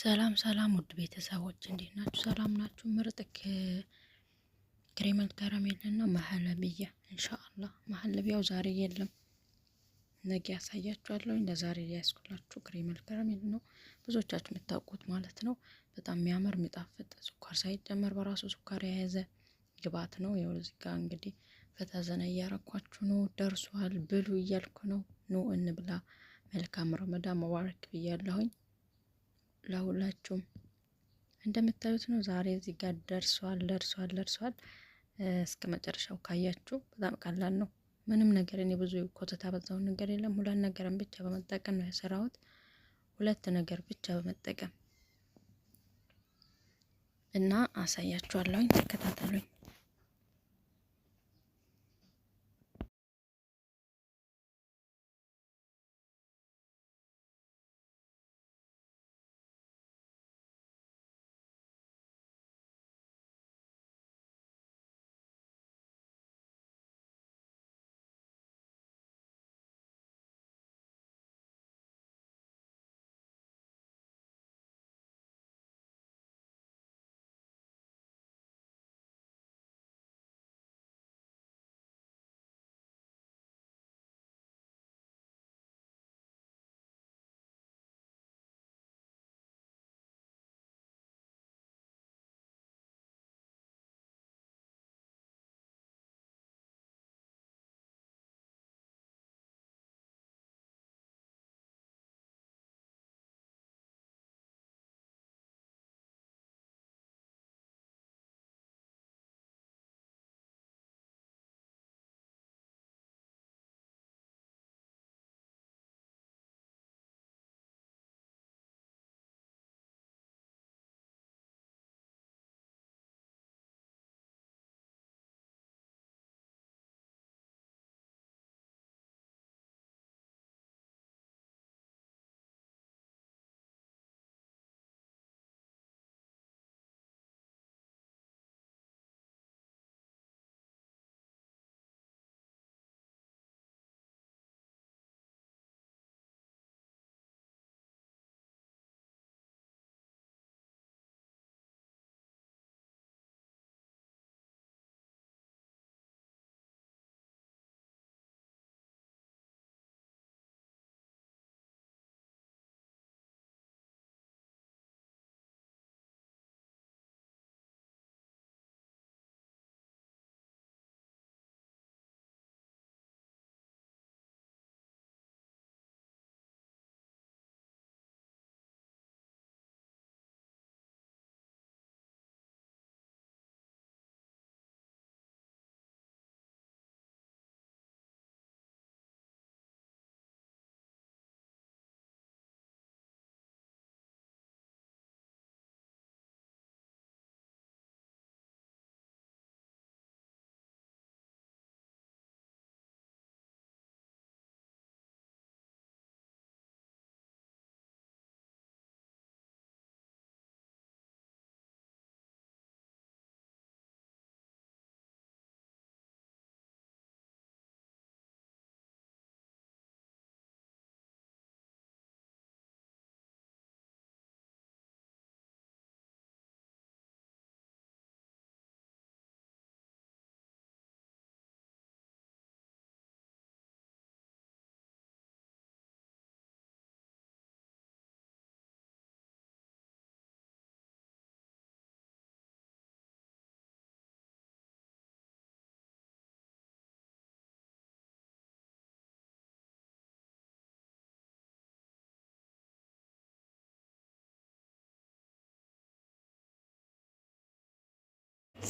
ሰላም ሰላም ውድ ቤተሰቦች እንዴት ናችሁ? ሰላም ናችሁ? ምርጥ ክሬመል ከረሜልና መሀለብያ እንሻአላ። መሀለብያው ዛሬ የለም ነገ ያሳያችኋለሁ። ለዛሬ ያስኩላችሁ ክሬመል ከረሜል ነው፣ ብዙዎቻችሁ የምታውቁት ማለት ነው። በጣም የሚያምር የሚጣፍጥ ስኳር ሳይጨመር በራሱ ስኳር የያዘ ግብአት ነው። ያው እዚህ ጋር እንግዲህ ፈታዘና እያረኳችሁ ነው። ደርሷል ብሉ እያልኩ ነው። ኑ እንብላ። መልካም ረመዳን መባረክ ብያለሁኝ። ለሁላችሁም እንደምታዩት ነው። ዛሬ እዚህ ጋር ደርሷል ደርሷል ደርሷል። እስከ መጨረሻው ካያችሁ በጣም ቀላል ነው። ምንም ነገር እኔ ብዙ ኮተታ በዛውን ነገር የለም። ሁለት ነገርን ብቻ በመጠቀም ነው የሰራሁት። ሁለት ነገር ብቻ በመጠቀም እና አሳያችኋለሁኝ። ተከታተሉኝ።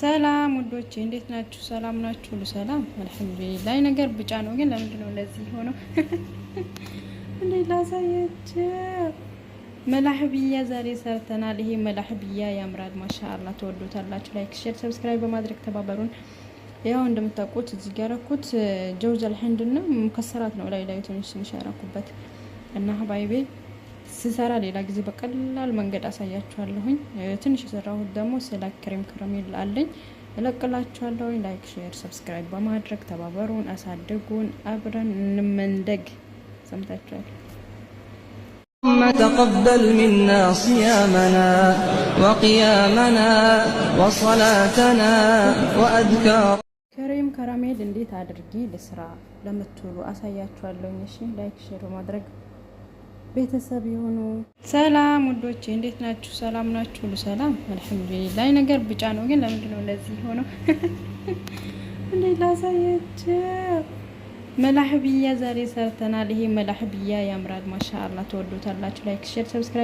ሰላም ውዶቼ እንዴት ናችሁ? ሰላም ናችሁ? ሁሉ ሰላም አልሐምዱሊላህ። ነገር ብጫ ነው ግን ለምንድን ነው ለዚህ ሆነው? እንዴ ላሳያችሁ። መላህብያ ዛሬ ሰርተናል። ይሄ መላህብያ ያምራል። ማሻአላ ተወዶታላችሁ። ላይክ፣ ሼር፣ ሰብስክራይብ በማድረግ ተባበሩን። ያው እንደምታውቁት እዚህ ጋር ያረኩት ጀውዘል ህንድ እና ሙከሰራት ነው ላይ ላይ ትንሽ ትንሽ ያረኩበት እና ሀባይቤ ስሰራ ሌላ ጊዜ በቀላል መንገድ አሳያችኋለሁኝ። ትንሽ የሰራሁት ደግሞ ስለ ክሬም ከረሜላ አለኝ እለቅላችኋለሁኝ። ላይክ፣ ሼር፣ ሰብስክራይብ በማድረግ ተባበሩን፣ አሳድጉን፣ አብረን እንመንደግ። ሰምታችኋል። ተቀበል ሚና ሲያመና ወቅያመና ወሰላተና ወአድካር ክሬም ከረሜል እንዴት አድርጊ ልስራ ለምትሉ አሳያችኋለሁኝ። እሺ ላይክ ሼር በማድረግ ቤተሰብ የሆኑ ሰላም ውዶች እንዴት ናችሁ? ሰላም ናችሁ? ሁሉ ሰላም አልሐምዱሊላህ። ነገር ብጫ ነው ግን ለምንድን ነው እንደዚህ ሆነው? እንዴ ላሳያቸው። መላህብያ ዛሬ ሰርተናል። ይሄ መላህብያ ያምራል። ማሻአላህ ተወዶታላችሁ። ላይክ፣ ሼር፣ ሰብስክራይብ